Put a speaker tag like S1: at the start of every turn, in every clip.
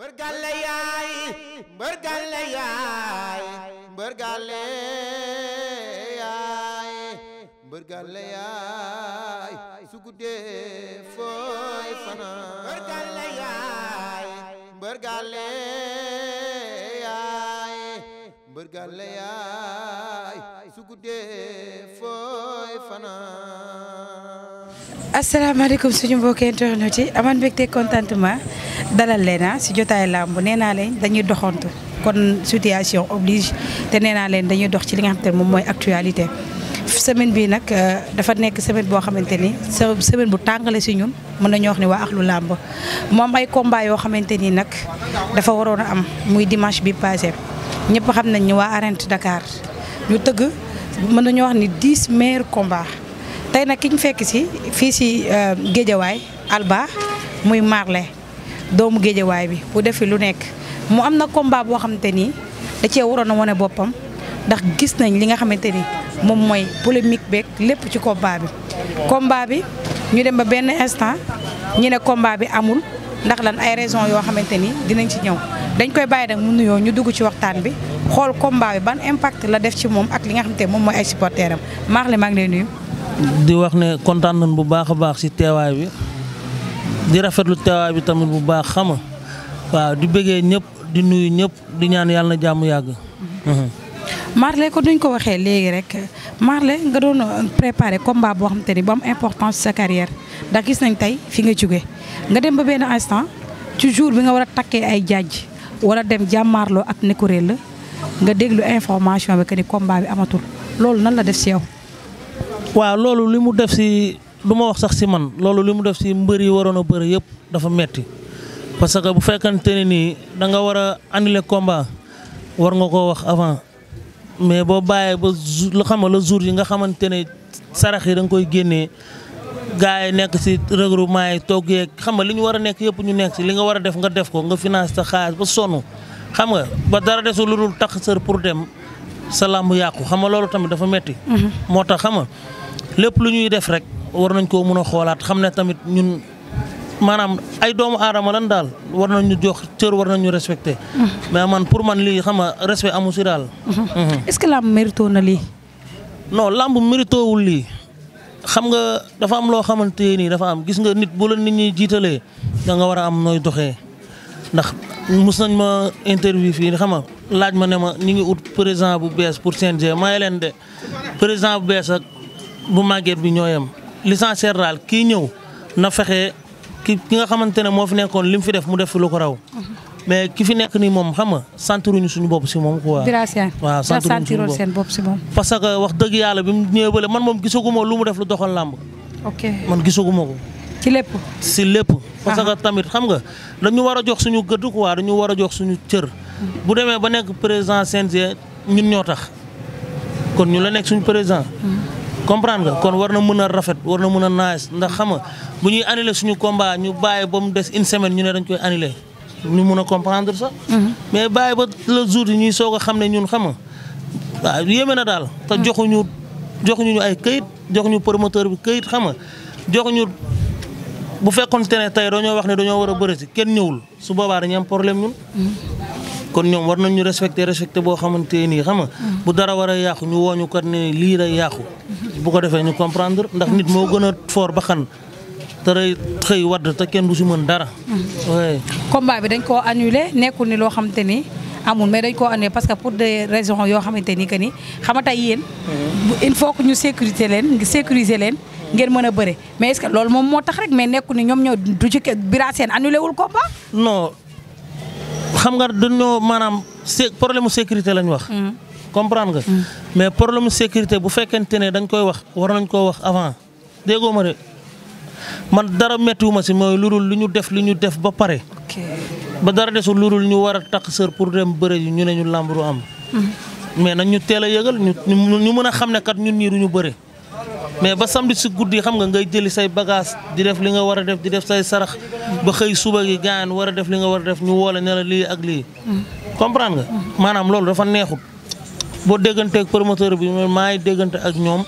S1: mbër gàlle yaay mbër gàlle fanaan mbër gàlle yaay asalaamaaleykum suñu mbokki internet yi aman mbégte contentement dalal leena ah si jotaay làmb nee naa leen dañuy doxantu kon situation oblige te nee naa leen dañuy dox ci li nga xamante ne moom mooy actualité semaine bi nag euh, dafa nekk semaine boo xamante ni semaine bu tàngale si ñun mën nañu wax ne waa axlu làmb moom ay combat yoo xamante nii nag dafa waroon a am muy dimanche bi passé ñëpp xam nañ ni waa arène Dakar ñu tëgg mën nañu wax ni dix maire combats tey nag ki ñu fekk si fii si euh, géejawaay Alba muy Marley doomu géejawaay bi bu defi lu nekk mu am na combat boo xamante nii da cee waroon a wane boppam ndax gis nañ li nga xamante ni moom mooy polémique beeg lépp ci combat bi. combat bi ñu dem ba benn instant ñu ne combat bi amul ndax lan ay raison yoo xamante ni dinañ ci ñëw dañ koy bàyyi nag mu nuyoo ñu dugg ci waxtaan bi xool combat bi ban impact la def ci moom ak li nga xamante ne moom mooy ay supporteram Marley maa ngi lay nuyu.
S2: di wax ne kontaan bu baax a baax ci teewaay bi di rafetlu teewaay bi tamit bu baax xama waaw di bëggee ñëpp di nuyu ñëpp di ñaan yàlla na jàmm yàgg. Mhm.
S1: Marley ko duñ ko waxee léegi rek Marley nga doon préparé combat boo xam ni bu am importance sa carrière ndax gis nañ tey fi nga jóge nga dem ba benn instant ci jour bi nga war a takkee ay jaaj wala dem jàmmaarloo ak Nécko Rell la nga déglu information bi que ni combat bi amatul loolu nan la def si
S2: waaw loolu li mu def si du ma wax sax si man loolu li mu def si mbër yi waroon a bëri yëpp dafa metti parce que bu fekkante ne nii da nga war a annuler combat war nga koo wax avant mais boo bàyyee ba lu xam la jour yi nga xamante ne sarax yi da nga koy génnee gars yi nekk si regroupement yi toog xam nga li ñu war a nekk yëpp ñu nekk si li nga war a def nga def ko nga finance sa xaalis ba sonn xam nga ba dara desul lu dul tax sër pour dem sa làmb yàqu xam nga loolu tamit dafa metti mhm. moo tax xam lépp lu ñuy def rek war nañ koo mën a xoolaat xam ne tamit ñun maanaam ay doomu aadama lan daal war nañu jox cër war nañu respecté. Mm-hmm. ma man pour man lii xam nga respect amu si daal.
S1: Mm-hmm. Mm-hmm. est-ce que
S2: mérito na lii. non làmb mérito wul lii xam nga dafa am loo xamante nii dafa am gis nga nit bu la nit ñi jiitalee da nga war a am nooy doxee ndax mus nañ ma interview fii xam nga laaj ma ne ma ñu ngi ut président bu bees pour CNG maye leen de président bu bees bu màgget bi ñooyam l'essentiel daal kii ñëw na fexe ki ki nga xamante ne moo fi nekkoon li mu fi def mu def fi lu ko raw. mais ki fi nekk nii moom xam nga santiruñu suñu bopp si moom quoi. Birasien waaw santiruñu parce que wax dëgg yàlla bi mu ñëwee bële man moom gisaguma lu mu def lu doxal làmb. ok man gisaguma ko. ci lépp. si lépp. parce ah. tamit xam nga dañu war a jox suñu gëdd quoi dañu war a jox suñu cër. bu demee ba nekk président CNG ñun ñoo tax kon ñu la nekk suñu président. Mm. comprendre kon war na mën a rafet war na mën a naaj ndax xam nga bu ñuy annulé suñu combat ñu bàyyi ba mu des une semaine ñu ne dañ koy annulé ñu mën a comprendre sax. Mhm. mais bàyyi ba le jour yi ñuy soog a xam ne ñun xam nga waaw yéeme na daal. te mhm. joxuñu joxuñu ñu ay këyit joxuñu promoteur bi kayit xam joxu ñu bu fekkoon te ne tey ñoo wax ne dañoo war a bëri kenn ñëwul su boobaa dañuy am problème ñun. Mhm. kon ñoom war nañu respecté respecté boo xamante nii xam nga. bu dara war a yàqu ñu woo ñu kat ne lii lay yàqu. bu ko defee ñu comprendre ndax nit moo gën a fort ba xan te rey xëy wadd te kenn du si mën dara.
S1: combat bi dañ koo annulé nekkul ni loo xamante ni amul mais dañ koo annulé parce que pour des yoo xamante ni que ni xam nga tey yéen. il faut que ñu sécurité leen sécuriser leen. ngeen mën a bëre mais est-ce loolu moom moo tax rek mais nekkul ni ñoom ñoo du ci Bira Sène annulé wul combat. non
S2: xam nga dañoo maanaam sé problème mu sécurité lañ wax. Mm. comprendre nga. Mm. mais problème sécurité bu fekkente ne dañ koy wax war nañ koo wax avant déggoo ma de man dara méttiwuma si mooy lurul lu ñu def lu ñu def ba pare. ba dara desul lurul ñu war a takk sër pour dem bëre yi ñu ne ñu làmb am.
S3: Mm-hmm.
S2: mais nañ ñu teel a yëgal ñu ñu mën a xam ne kat ñun ñii du ñu bëre. mais ba samedi si guddi xam nga ngay jëli say bagage di def li nga war a def di def say sarax ba xëy suba gi gaan war a def li nga war a def ñu woole ne la lii ak lii. Mm-hmm. comprendre mm-hmm. maanaam loolu dafa neexut. boo dégganteeg promoteur bi maay déggante ak ñoom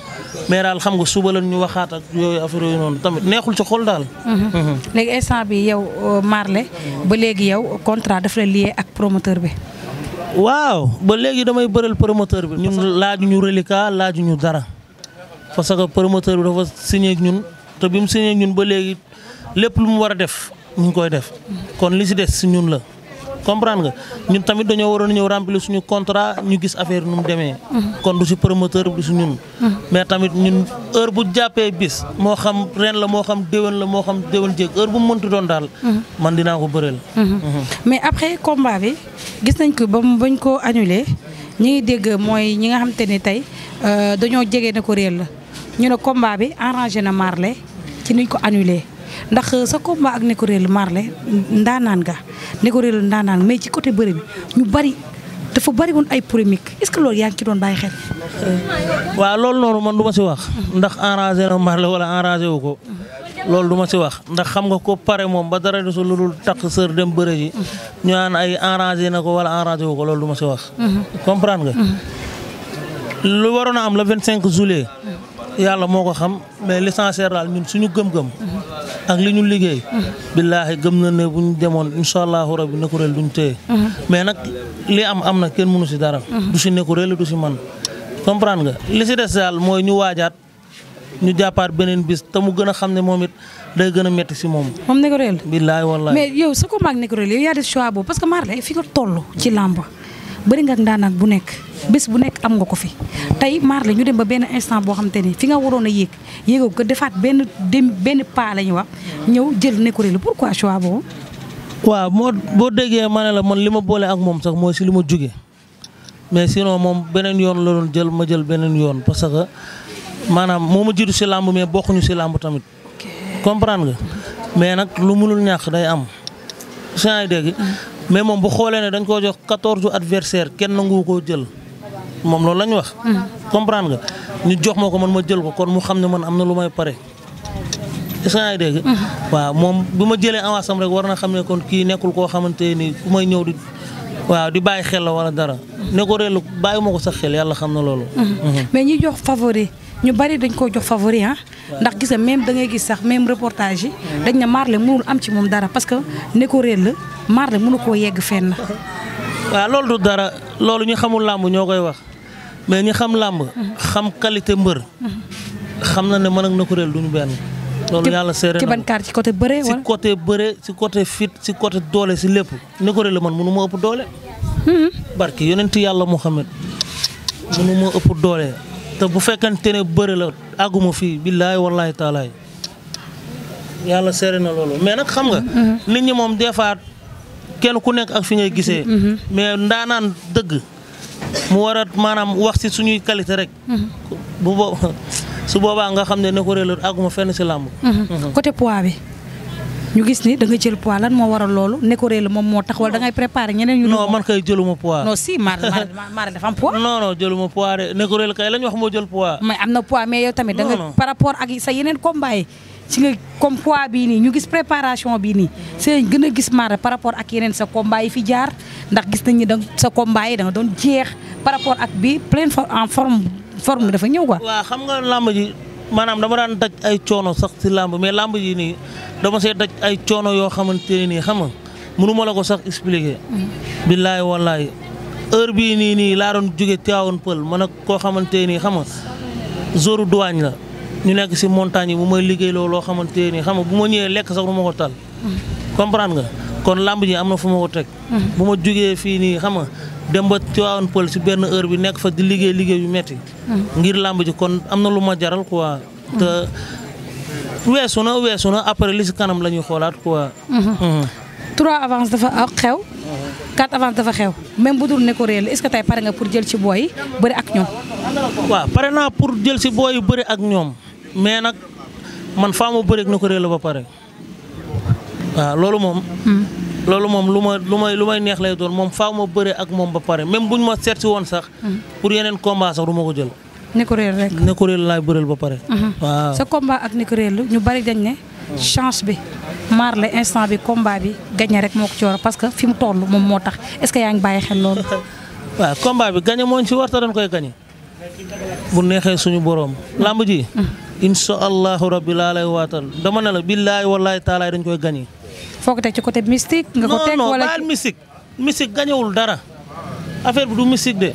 S2: mais daal xam nga suba la ñu waxaat ak yooyu affaire yooyu noonu tamit neexul ci xool daal.
S1: Mhm. Mhm. léegi instant bi yow euh, Marley ba léegi yow contrat daf la lié ak promoteur bi.
S2: waaw ba léegi damay bëral promoteur bi. ñu laaju ñu reliquat laaju ñu dara parce que promoteur bi dafa signé ñun te bi mu signé ñun ba léegi lépp lu mu war a def ñu ngi koy def kon li si des si ñun la. comprendre nga ñun tamit dañoo waroon a ñëw remplir suñu contrat ñu gis affaire nu mu demee. kon du si promoteur du si ñun. mais tamit ñun heure bu jàppee bis moo xam ren la moo xam déwén la moo xam déwén jéeg heure bu mu mënti doon daal. man dinaa ko bëreel.
S1: mais après komba bi gis nañ ko ba mu bañ koo annulé ñu ngi dégg mooy ñi nga xam ni ne tey euh, dañoo jege ne ko réel la ñu ne combat bi arrangé na Marley ci nuñ ko annulé ndax sa combat ak ne ko réel Marley ndaanaan nga. Négory la ndaanaan mais ci côté bëre bi ñu bari dafa bari woon ay polémique est-ce que loolu yaa ngi ci doon bàyyi xel.
S2: waaw lool noonu man du si wax. ndax enragé na mar la wala enragé wu ko. loolu duma si wax ndax xam nga ko pare moom ba dara du su lu dul takk sër dem bëre ji. ñu naan ay enragé na ko wala enragé wu ko loolu du ma si wax. Mhm. comprendre nga. Mhm. lu waroon a am le 25 yàlla moo ko xam mais l'essentiel daal ñun suñu gëm-gëm. ak li ñu liggéey. billaahi gëm na ne bu ñu demoon incha allahu rabi Nekkureel duñ téye. mais nag li am am na kenn mënu si dara. du si Nekkureel du si man comprendre nga li si des daal mooy ñu waajaat ñu jàppaar beneen bis te mu gën a xam ne moom it day gën a métti si moom. moom Nekkureel. billaahi wallaahi. mais
S1: yow su ko mag Nekkureel yow yaa def choix boobu parce que Marley fi nga toll ci làmb. bëri nga ak ndaanaan bu nekk bés bu nekk am nga ko fi tey maar la ñu dem ba benn instant boo xam te ni fi nga waroon a yéeg yéegoo ko defaat benn dem benn pas la ñu wax ñëw jël ne ko réelu pourquoi boobu.
S2: waaw moo boo déggee ma ne la man li ma boole ak moom sax mooy si lu ma jugee mais sinon moom beneen yoon la doon jël ma jël beneen yoon parce que maanaam moo ma jiitu si làmb mais bokkuñu si làmb tamit. comprendre nga mais nag lu mënul ñàkk day am. saa dégg mm. mais moom bu xoolee ne dañ koo jox quatorze adversaire kenn nangu koo jël moom loolu la ñu wax. comprendre nga ñu jox ma ko man ma jël ko kon mu xam ne man am na lu may pare. est-ce que yaa dégg. waaw moom bu ma jëlee avance am rek war na xam ne kon kii nekkul koo xamante ni ku may ñëw di waaw di bàyyi xel la wala dara. ne ko réel bàyyi ma ko sax xel yàlla xam na loolu.
S1: Mm-hmm. Mm-hmm. mais ñi jox favori. ñu bari dañ koo jox favori ah. ndax gisa même da ngay gis sax même reportage yi dañ ne Marley mënul am ci moom dara parce que Néko Réel la Marley mënu koo yegg fen na
S2: waaw loolu du dara loolu ñu xamul làmb ñoo koy wax mais ñi xam làmb xam qualité mbër xam na ne mën ak Néko Réel duñu benn loolu yàlla seere ci ban
S1: ci côté bëre wala. ci
S2: côté bëre ci côté fit ci côté doole si lépp Néko Réel la man mënu moo ëpp doole hmm. barki yonent yàlla Muhammad mënu ma ëpp doole te bu fekkente ne bëri la àgguma fii billaay wallaay taalaay yàlla seere na loolu mais nag xam nga. Mm-hmm. nit ñi moom des fois kenn ku nekk ak fi ngay gisee. Mm-hmm. mais ndaanaan dëgg mu war a maanaam wax si suñuy qualité rek. Mm-hmm. bu bo su boobaa nga xam ne ne ko réelal àgguma fenn si làmb.
S1: côté poids bi. ñu gis ni da nga jël poids lan moo waral loolu nekkuree moom moo tax wala da ngay ñeneen ñu. non man
S2: kay jëluma poids. non si maar maar dafa am poids. non non jëluma poids de nekkuree la kay lañ wax moo jël poids. mais
S1: am na poids da sa yeneen combat yi. gis préparation a par rapport ak yeneen sa combat fi jaar ndax gis nañ ni da sa combat yi doon jeex par rapport ak bi pleine en forme forme dafa ñëw ko
S2: waaw xam nga làmb maanaam dama daan daj ay coono sax si làmb mais làmb yi nii dama see daj ay coono yoo xamante ne nii xam nga ma la ko sax expliquer. Mm-hmm. billaay wallaay heure bii nii nii laa doon jóge Thiawane Pël man ak koo xamante nii xam nga zoru duwaañ la ñu nekk si montagne yi bu may liggéey loolu loo xamante nii xam nga bu ma ñëwee lekk sax du ma ko tal mm-hmm. comprendre nga kon làmb ji am na fu ma teg mm-hmm. bu ma jógee fii nii xam dem ba Tivaouane Peulh si benn heure bi nekk fa di liggéey liggéey yu metti hmm. ngir làmb kon am na lu ma jaral quoi. Hmm. te weesu na weesu na après li si kanam la ñuy xoolaat quoi.
S1: Hmm. trois avance dafa xew. quatre avance dafa xew même bu dul ne ko réel est que tey pare nga pour jël si booy yi bëri ak ñoom.
S2: waaw pare naa pour jël si booy yi bëri ak ñoom mais nag man faamu bëri ak ne ko réel la ba pare waaw loolu moom. loolu moom lu ma lu may lu may neex lay doon moom faaw ma bëre ak moom ba pare bu buñ ma seet si woon sax. Hmm. pour yeneen combat sax du ma ko jël.
S1: Nicoréel rek Nicoréel
S2: laay bëreel ba pare. Hmm. waaw sa
S1: combat ak Nicoréel ñu bari dañ ne. chance bi maar la instant bi combat bi gagné rek moo ko que fi mu toll moom moo tax est-ce que yaa ngi bàyyi xel loolu.
S2: waaw bi gagné moo ñu si war dañ koy gagné. bu neexee suñu borom. làmb ji. Hmm. incha allahu rabbi laa lay waatal dama ne la billaahi wallaahi taalaay dañ koy gagné. foo ko teg ci côté mystique. nga ko teg wala non non baal dara affaire bi du mystique de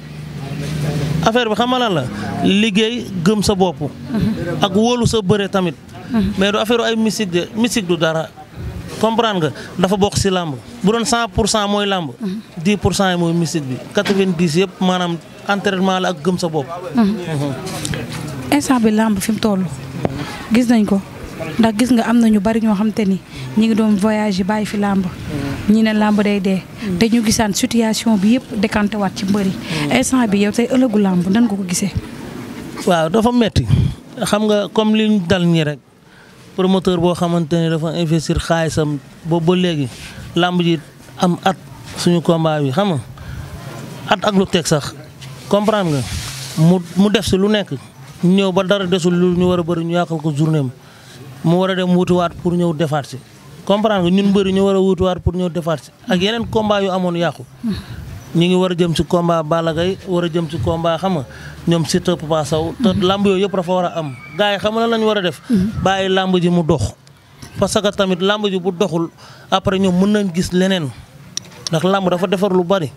S2: affaire bi xam la liggéey gëm sa bopp. Mhm. ak wóolu sa bëre tamit. Mhm. mais du affaire ay mystique de mystique du dara. comprendre nga dafa bokk si làmb bu doon 100 pour cent mooy làmb. 10 mhm. pour cent yi mooy mystique bi 90 yëpp maanaam entraînement la ak gëm sa bopp.
S1: instant bi làmb fi mu toll gis nañ ko. ndax gis nga am na ñu bari ñoo xam te ni ñu ngi doon voyage bàyyi fi làmb ñi ne làmb day dee te ñu gisaan situation bi yëpp décanté waat ci mbëri instant bi yow tey ëllëgu làmb nan ko ko gisee
S2: waaw dafa xam nga comme liñ dal ñi rek promoteur boo xamante ne dafa investir xaalisam boobu ba léegi làmb ji am at suñu combat bi xam nga at ak lu teg sax comprendre nga mu mu def si lu nekk ñëw ba dara desul lu ñu war a bëri ñu yàqal ko journée am mu war a dem wutuwaat pour ñëw defaat si comprendre nga ñun mbëri ñu war a wutuwaat pour ñëw defaat si ak yeneen combat yu amoon yàqu ñu ngi war a jëm si combat Balla Gaye war a jëm si combat xam nga ñoom Siteu Papa Sow lamb yooyu yëpp dafa war a am gars yi xam nga lan lañ war a def bàyyi lamb ji mu dox parce que tamit lamb ji bu doxul après ñoom mën na gis leneen ndax lamb dafa defar lu bari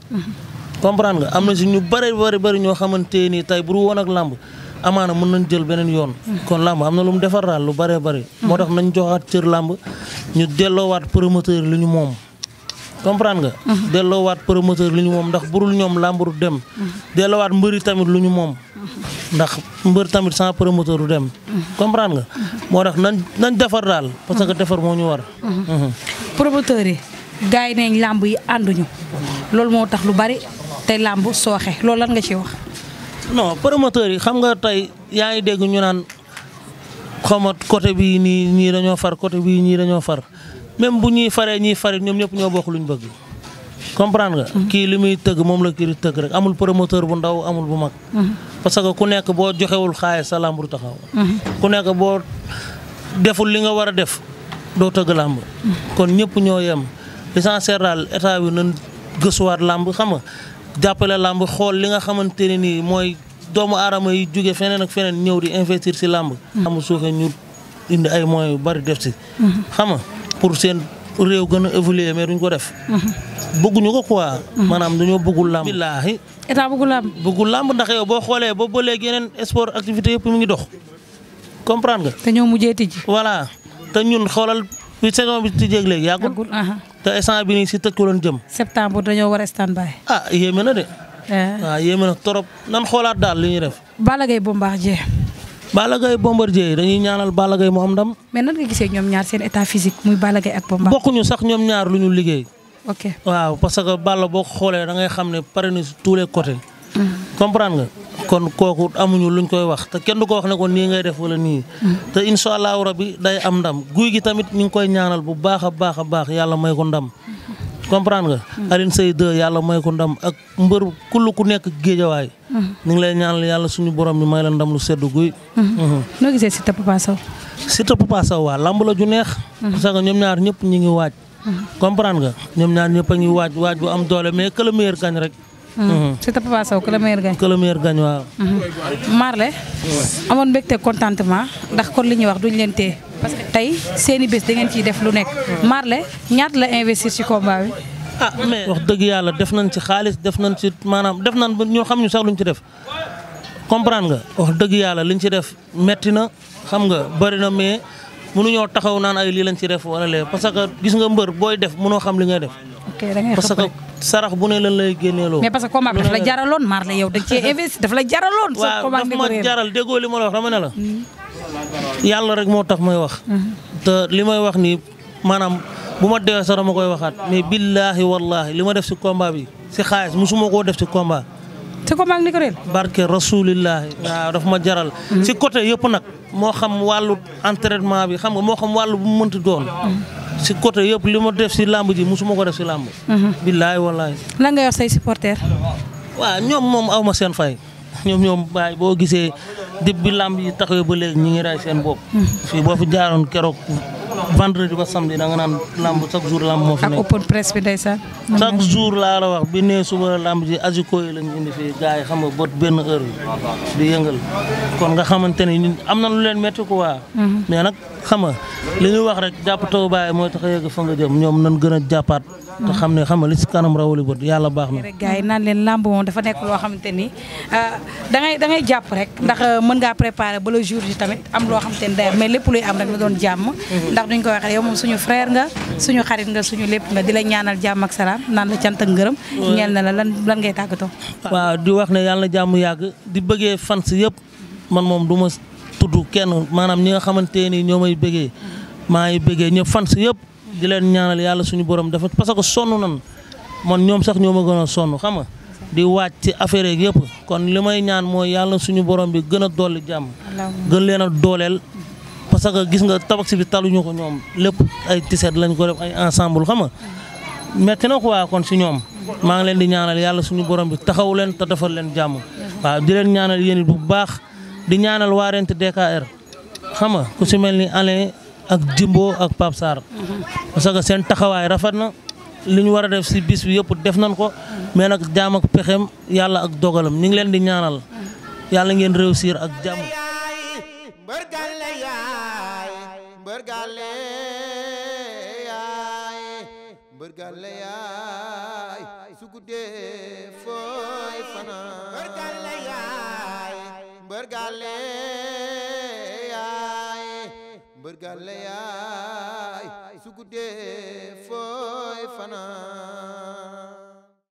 S2: nga am na si ñu bëri bëri bëri ñoo xamante nii tey bu woon ak lamb amaana mën nañ jël beneen yoon. kon làmb am na lu mu defar daal lu bëree bëri. moo tax nañ joxaat cër làmb ñu delloowaat promoteur li ñu moom. comprendre nga. Mhm. delloowaat promoteur lu ñu moom ndax burul ñoom làmb du dem. Mhm. delloowaat mbëri tamit lu ñu moom. Mhm. ndax mbër tamit sans promoteur du dem. comprendre nga. moo tax nañ nañ defar daal. parce que defar moo ñu war.
S1: promoteur yi gars yi làmb yi ànduñu. loolu moo tax lu bari te làmb sooxe loolu lan nga ci wax.
S2: non promoteurs yi xam nga tey yaa ngi dégg ñu naan xawma côté bii nii ñii dañoo far côté bii ñii dañoo far même bu ñuy faree ñiy farit ñoom ñëpp ñoo bokk luñ bëgg comprendre mhm. kii li muy tëgg moom la kii di tëgg rek amul promoteur bu ndaw amul bu mag. Mhm. parce ku nekk boo joxewul xaalis sa làmb du taxaw. Mhm. ku nekk boo deful li nga war a def doo tëgg làmb. kon ñëpp ñoo yem l'essentiel daal état bi nañ gëstuwaat làmb xam jàppale làmb xool li nga xamante ne nii mooy doomu aadama yi jóge feneen ak feneen ñëw di investir si làmb làmb hmm. suuxee ñu indi ay moyens yu bari def si hmm. xam nga pour seen réew gën a évoluer mais duñ ko def hmm. bëgguñu ko quoi maanaam dañoo bëggul làmb billaahi état bëggul làmb bëggul làmb ndax boo xoolee ba ba léegi yeneen sport activité yëpp mu ngi dox comprendre nga te ñoo mujjee tijji voilà te ñun xoolal bi saison bi tijjeeg léegi yàggul te instant bi nii si tëj ko doon jëm.
S1: septembre dañoo war a stand by. ah
S2: yéeme na de. waaw eh. ah, yéeme na trop nan xoolaat daal li ñuy def.
S1: Balla Gaye Bombardier.
S2: Balla Gaye Bombardier dañuy ñaanal Balla Gaye mu am ndam.
S1: mais nan nga gisee ñoom ñaar seen état physique muy bala Gaye ak Bombardier.
S2: bokkuñu sax ñoom ñaar lu ñu liggéey. ok waaw parce que Balla boo xoolee da ngay xam ne pare na tous les côtés. Mm-hmm. comprendre nga. kon kooku amuñu luñ koy wax te kenn du ko wax ne ko nii ngay def wala nii. te incha allahu rabi day am ndam guy gi tamit ñu ngi koy ñaanal bu baax a baax a baax yàlla may ko ku la ndam lu sedd guy.
S1: noo gisee Siteu Papa Sow.
S2: Siteu Papa Sow waa lamb la ju neex. parce que ñoom ñaar ñëpp ñu ngi waaj. comprendre nga ñoom ñaar ñëpp a ngi waaj waaj bu am doole mais que le rek.
S1: Hmm. Hmm. Siteu Papa Sow que le meilleur gagne. que le meilleur gagne waaw. Hmm. Marley amoon mbégte contentement ndax kon li ñuy wax duñ leen téye parce que tey seeni bés da ngeen ciy def lu nekk. Marley ñaat la investir ci combat bi.
S2: ah mais wax dëgg yàlla def nañ ci xaalis def nañ ci maanaam def nañ ba ñoo xam ñu sax luñ ci def. comprendre nga wax dëgg yàlla liñ ci def metti na xam nga bëri na mais mënuñoo taxaw naan ay lii lañ ci def wala lee parce que gis nga mbër booy def mënoo xam li ngay def. parce que sarax bu ne lan lay génneeloo. mais parce
S1: que combat bi daf la jaraloon maar la yow da cee investi daf la jaraloon. sa combat waaw ma jaral
S2: déggoo li ma la wax dama ne la. Hmm. yàlla rek moo tax may wax. Hmm. li may wax nii maanaam bu ma dee sax dama koy waxaat mais billaahi wallaahi li ma def si combat bi si xaalis ma koo def si combat. si combat ak Nico Réel. barke rasulillahi waaw daf ma jaral. si hmm. côté yëpp nag moo xam wàllu entraînement bi xam nga moo xam wàllu bu mu doon. si côté yëpp li ma def si làmb ji musuma ko def si làmb. Mhm. billaay wallaay.
S1: lan nga yor say supporter.
S2: waaw ñoom moom aw ma seen fay. ñoom ñoom baay boo gisee dib bi làmb yi taxawee ba léegi ñu ngi ray seen bopp. Mhm. fii boo fi jaaroon keroog. vendredi ba samedi da nga naan lamb chaque jour lamb moo fi nekk. ak
S1: open presse bi ndeysaan. chaque jour
S2: laa la wax bi nee suba lamb ji aziko yi lañ indi fii gars yi xam nga benn heure di yëngal kon nga xamante ni am na lu leen métti waa mhm. mais nag xam li ñuy wax rek jàpp taw mooy tax a yegg fa nga jëm ñoom nañ gën a jàppaat. te xam ne xam nga li si kanam rawali bët yàlla baax na.
S1: gars yi naan leen làmb moom dafa nekk loo xamante ni euh, da ngay da jàpp rek. ndax euh, mën ngaa préparer ba le jour tamit am loo xamante ni day mais lépp luy am rek jàmm. Mhm. ndax duñ ko waxee yow suñu frère nga. suñu xarit nga suñu lépp nga di la ñaanal jàmm ak naan la cant ak ngërëm. ñeel na la lan lan ngay tàggatoo.
S2: waaw di wax ne yàlla jàmm yàgg di bëggee fans yëpp man moom du ma tudd kenn maanaam ñi nga xamante ni ñoo may bëggee maa ngi bëggee ñëpp fans yëpp di leen ñaanal yàlla suñu borom dafa parce que nan man ñoom sax ñoo ma gën a sonn xam nga di waaj ci affaire yëpp kon li may ñaan mooy yàlla suñu borom bi gën a dolli jàmm gën leen a dooleel parce que gis nga tabax bi taluñu ko ñoom lépp ay tiset lañ ko def ay ensemble xam nga metti na ko waa kon si ñoom maa ngi leen di ñaanal yàlla suñu borom bi taxaw leen te defal leen jàmm waaw di leen ñaanal yéen bu baax di ñaanal waa Rent DKR ku si ni Alain ak Jimbo ak Pape Sarr. parce que seen taxawaay rafet na li ñu a def si bis bi yëpp def nañ ko. mais nag jaam ak pexem yàlla ak dogalam ñu di ñaanal. yàlla ngeen réussir ak jàmm.
S1: mbër gàlle yaay mbër gàlle sargal yaay
S3: su